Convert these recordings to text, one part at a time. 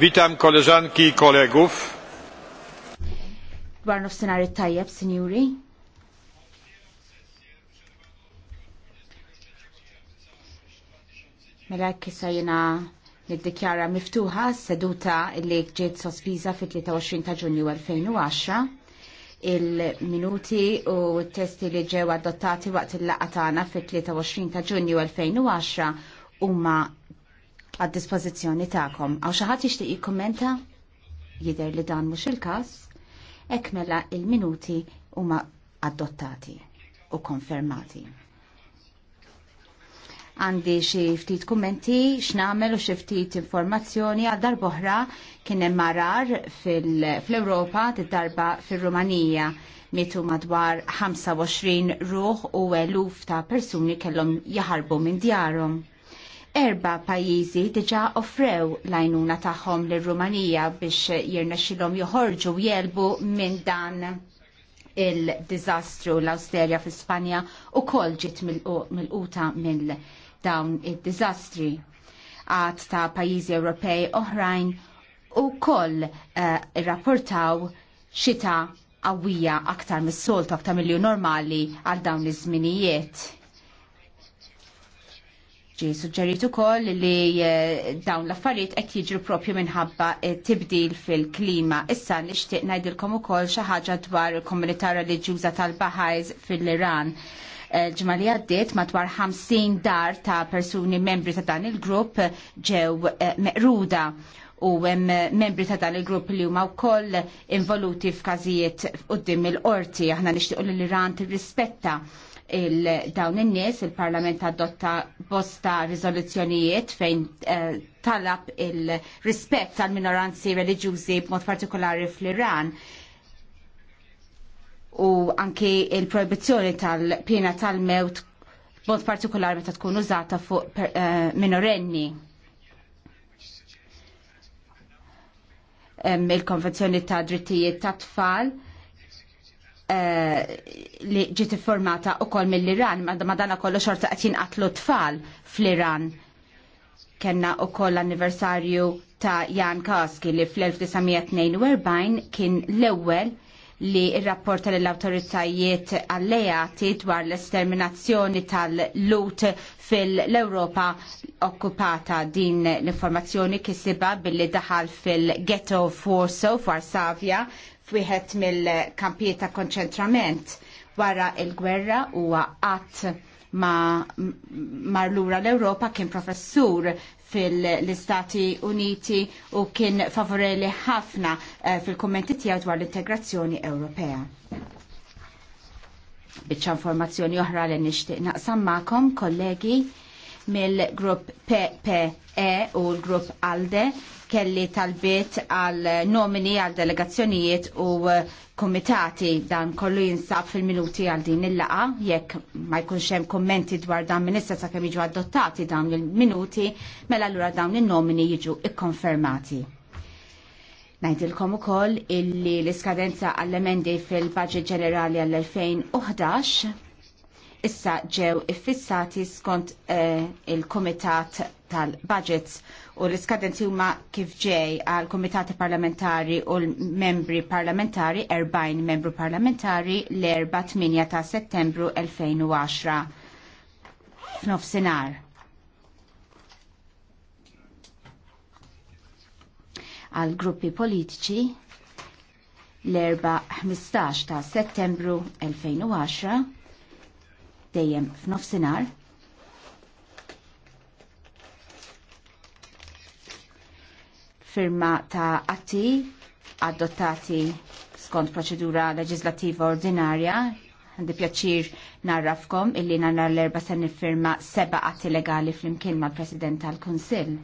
Witam koleżanki i kolegów. Barno scenari tajjeb, sinjuri? Mela kisa jena niddikjara miftuħa seduta li ġiet sospiża fit-23 ta' ġunju 2010 il-minuti u t-testi li ġew adottati waqt il-laqatana fit-23 ta' ġunju 2010 huma għad dispożizzjoni tagħkom. Għaw xi ħadd jixtieq jikkummenta jidher li dan mhux il-każ hekk mela il-minuti huma adottati u konfermati. Għandi xi ftit kummenti x'namel u xi ftit informazzjoni għal darb'oħra kien hemm marar fl-Ewropa darba fir-Rumanija mitu madwar 25 ruħ u eluf ta' persuni kellhom jaħarbu minn djarhom Erba pajjiżi diġa offrew l-għajnuna tagħhom lir-Rumanija biex jirnexxilhom joħorġu jelbu minn dan il-dizastru l awsterja fi Spanja u kol ġit mill-quta mill dawn il-dizastri għad ta' pajizi Ewropej oħrajn u koll eh, rapportaw xita għawija aktar mis-soltu aktar mill normali għal dawn iż-żminijiet ġi suġġerit ukoll li eh, dawn l-affarijiet qed jiġru propju minħabba eh, tibdil fil-klima. Issa nixtieq ngħidilkom ukoll xi ħaġa dwar il-komunità reliġjuża tal-Bahajs fil-Iran. Eh, Ġimma li għaddiet madwar 50 dar ta' persuni membri ta' dan il-grupp ġew meqruda u hemm membri ta' dan il-grupp li huma wkoll involuti f'każijiet quddiem il-qorti aħna nixtiequ li l-Iran tirrispetta rispetta il-dawn in-nies il-Parlament adotta bosta riżoluzzjonijiet fejn eh, talab il-rispett tal minoranzi reliġjużi b'mod partikolari fl-Iran u anki il proibizjoni tal-pjena tal-mewt b'mod partikolari meta tkun użata fuq eh, minorenni. il-konvenzjoni ta' drittijiet ta' tfal Eh, li ġiet formata u kol mill-Iran, dana kollu xorta għatin għatlu tfal fl-Iran. Kenna u koll anniversarju ta' Jan Kaski li fl-1942 kien l ewwel li rapporta l autoritajiet alleati dwar l-esterminazzjoni tal-lut fil-Europa okkupata din l-informazzjoni kisiba billi daħal fil-ghetto Forso Varsavia f'wieħed mill-kampijiet ta' konċentrament wara il-gwerra huwa qatt ma marlura l-Ewropa kien professur fil-Istati Uniti u kien favoreli ħafna eh, fil-kommenti tiegħu dwar l-integrazzjoni Ewropea. Biċċa informazzjoni oħra li nixtieq naqsam magħkom, kollegi, mill-grupp PPE u l-grupp ALDE kelli talbiet għal nomini għal delegazzjonijiet u komitati dan kollu jinsab fil-minuti għal din il-laqa jekk ma jkunx hemm kommenti dwar dan minissa sa kemm jiġu adottati dawn il-minuti mela allura dawn il nomini jiġu ikkonfermati. Najdilkom u koll illi l-iskadenza għall-emendi fil-Budget Ġenerali għall-2011 issa ġew iffissati skont eh, il-Komitat tal-Budgets u l-iskadenzi huma kif ġej għal komitati parlamentari u l-membri parlamentari 40 membru parlamentari l-4-8 ta' settembru 2010 f'nofsinhar. Għal gruppi politiċi l-4-15 ta' settembru 2010 dejjem f'nofsinhar. Firma ta' atti adottati skont proċedura leġislativa ordinarja għandi pjaċir narrafkom illi nara l-erba se firma seba atti legali fl-imkien mal president tal-Kunsill.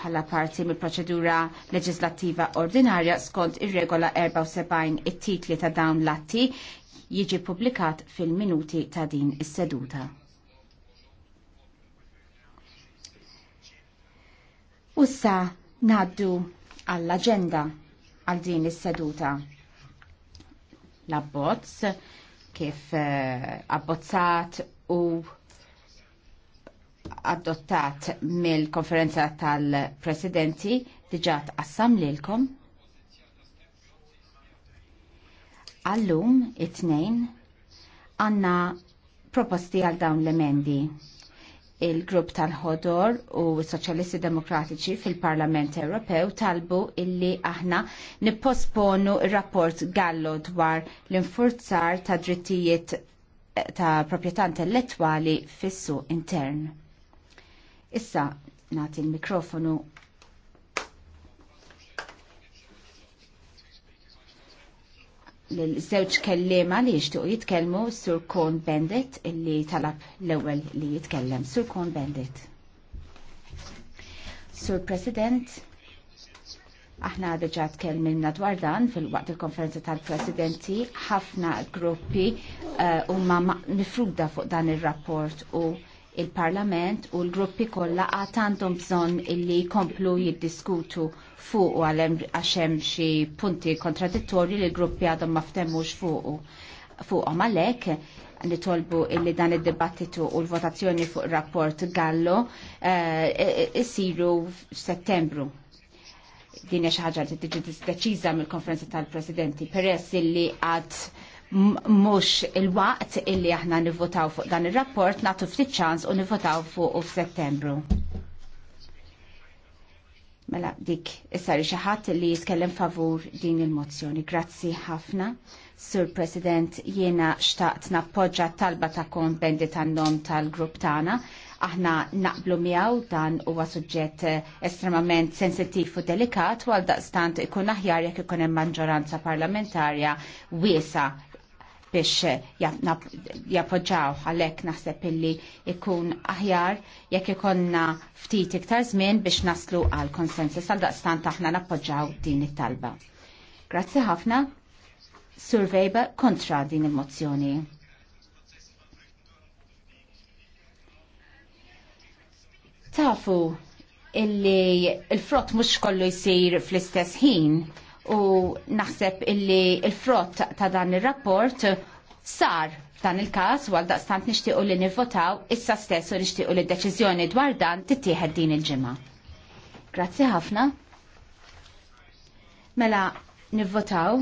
Bħala parti mill proċedura leġislattiva ordinarja skont ir-regola 74 it-titli ta' dawn l-atti jiġi publikat fil-minuti ta' din is-seduta. Ussa naddu għall-agenda għal din is-seduta. L-abbozz kif eh, abbozzat u adottat mill-konferenza tal-presidenti diġat qassam lilkom għallum it-tnejn, għanna proposti għal dawn l-emendi. Il-grupp tal-ħodor u s-Soċjalisti Demokratiċi fil-Parlament Ewropew talbu illi aħna nipposponu il-rapport Gallo dwar l-infurzar ta' drittijiet eh, ta' proprjetà intellettuali fissu intern. Issa, nagħti l mikrofonu l-żewġ kellima li jixtiequ jitkellmu Sur Kon Bendit illi talab l-ewwel li jitkellem. Sur Kon Bendit. Sur President, aħna deġa tkellmilna dwar dan fil-waqt il-konferenza tal-presidenti ħafna gruppi eh, huma uh, mifruda fuq dan ir-rapport u il-Parlament u l-gruppi kollha għad għandhom bżonn illi jkomplu jiddiskutu fuq u għaxem xi punti kontradittorji li l-gruppi għadhom ma ftemmux fuq fuqhom għalhekk nitolbu illi dan id-dibattitu u l-votazzjoni fuq rapport Gallo eh, isiru f'Settembru din xi ħaġa li tiġi deċiża mill-konferenza tal-Presidenti peress illi għad mhux il-waqt illi aħna nivvotaw fuq dan ir-rapport nagħtu ftit ċans u nivvotaw fuq f'Settembru. Mela dik issa xi ħadd li jitkellem favur din il-mozzjoni. Grazzi ħafna. Sur President, jiena xtaqt nappoġġa talba ta' kon bendi tan-nom tal-grupp tagħna aħna naqblu miegħu dan huwa suġġett eh, estremament sensittiv u delikat għal daqstant ikun aħjar jekk ikun hemm maġġoranza parlamentarja wiesa biex eh, jappoġġaw għalhekk naħseb illi ikun aħjar jekk ikonna ftit iktar żmien biex naslu għal konsensus għal daqstant aħna nappoġġaw din it-talba. Grazzi ħafna. Survejba kontra din il-mozzjoni. Tafu illi il-frott mux kollu jisir fl-istess ħin u naħseb illi il-frott ta' dan il-rapport sar dan il-kas għal daqstant nishtiqu li nivvotaw issa stess u nishtiqu li deċizjoni dwar dan tittieħed din il-ġimgħa. Grazzi ħafna. Mela nivvotaw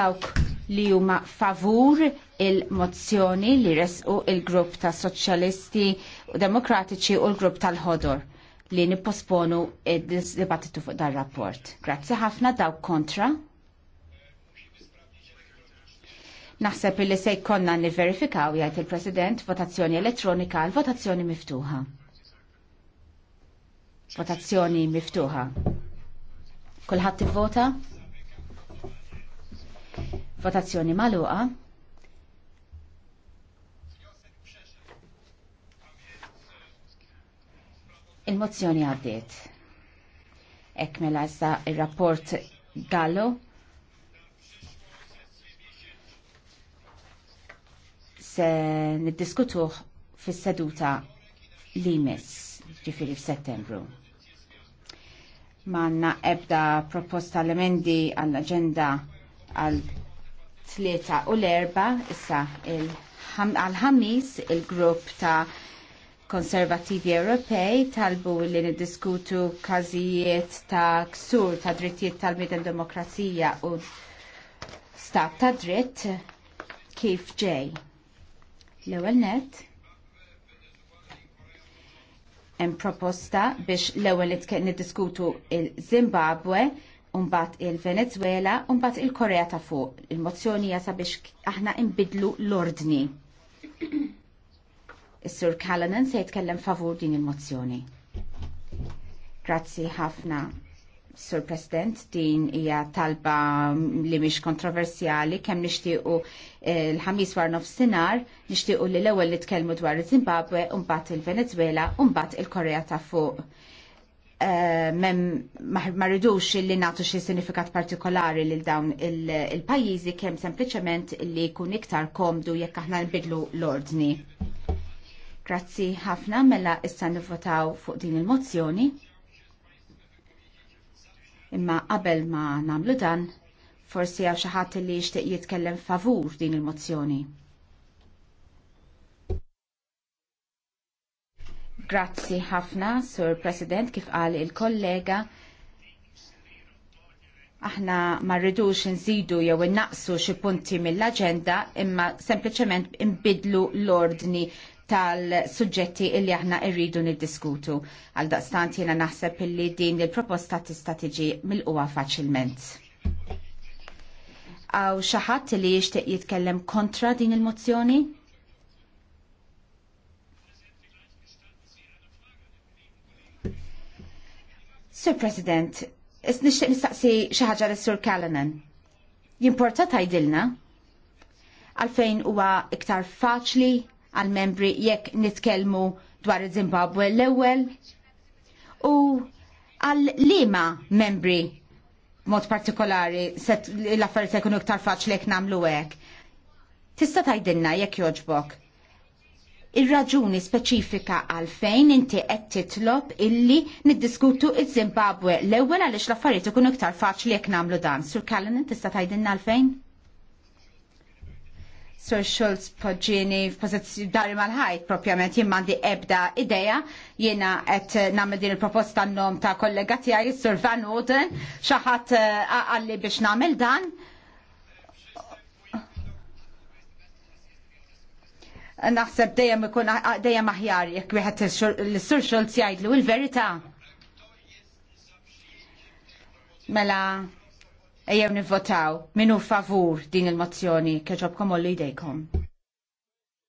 dawk li huma favur il-mozzjoni li resqu il-grupp ta' Soċjalisti u Demokratiċi u l-grupp tal-Ħodor li nipposponu il dibattitu fuq dar rapport. Grazzi ħafna daw kontra. Naħseb li se jkollna niverifikaw jgħid il-President votazzjoni elettronika għal votazzjoni miftuħa. Votazzjoni miftuħa. Kulħadd ivvota? Votazzjoni magħluqa. Il-mozzjoni għaddiet. Ek mela sa il-rapport Gallo. Se niddiskutuh fis-seduta li mis, ġifiri f'Settembru. Manna ebda proposta l-emendi għall-agenda għal tlieta u l-erba, issa għal ħammis il-grupp ta' konservativi Ewropej talbu li niddiskutu każijiet ta' ksur ta' drittijiet tal-midem demokrazija u stat ta' dritt kif ġej. L-ewwel net hemm proposta biex l-ewwel niddiskutu il-Zimbabwe Umbat il-Venezuela, umbat il-Korea ta' fuq. Il-mozzjoni jasa biex aħna imbidlu l-ordni. Is-Sur Callanan se jitkellem favur din il-mozzjoni. Grazzi ħafna, Sur President, din hija talba li mhix kontroversjali kemm nixtiequ eh, l-ħamis war nofsinhar nixtiequ li l-ewwel li tkellmu dwar iż-Zimbabwe u mbagħad il-Venezuela u mbagħad il-Korea ta' fuq. Eh, mem ma rridux li nagħtu xi sinifikat partikolari lil dawn il-pajjiżi kemm sempliċement li jkun iktar komdu jekk aħna nbidlu l-ordni. Grazzi ħafna mela issa nivvotaw fuq din il-mozzjoni. Imma qabel ma namlu dan, forsi għaw xaħat li jixtieq jitkellem favur din il-mozzjoni. Grazzi ħafna, Sur President, kif qal il-kollega. Aħna ma rridux nżidu jew innaqsu xi punti mill-aġenda imma sempliċement imbidlu l-ordni tal-sujġetti illi aħna irridu niddiskutu. Għal daqstant jena naħseb illi din il-proposta tista' tiġi mil qwa faċilment. Għaw xaħat li jixtieq jitkellem kontra din il-mozzjoni? Sir President, nixtieq nistaqsi xi ħaġa lis sur Callanan. Jimporta tgħidilna għalfejn huwa iktar faċli għal-membri jekk nitkellmu dwar Zimbabwe l-ewwel u għal lima membri mod partikolari set l-affarijiet ikunu iktar faċli jekk nagħmlu hekk. Tista' tgħidilna jekk jogħġbok. Ir-raġuni speċifika għalfejn inti qed titlob illi niddiskutu iż-Zimbabwe l-ewwel għaliex l-affarijiet ikunu iktar faċli jekk nagħmlu dan. Sur Callanan tista' tgħidilna għalfejn? Sir Schultz poġġini f'pożizzjoni mal-ħajt propjament jien għandi ebda idea jiena qed nagħmel din il-proposta nom ta' kollega tiegħi Sir Van Oden xi ħadd eh, għalli biex nagħmel dan. Naħseb dejjem ikun dejjem aħjar jekk wieħed l-Sur Schultz jgħidlu il verità Mela, ejjew nivvotaw minu favur din il-mozzjoni keġobkom ollu idejkom.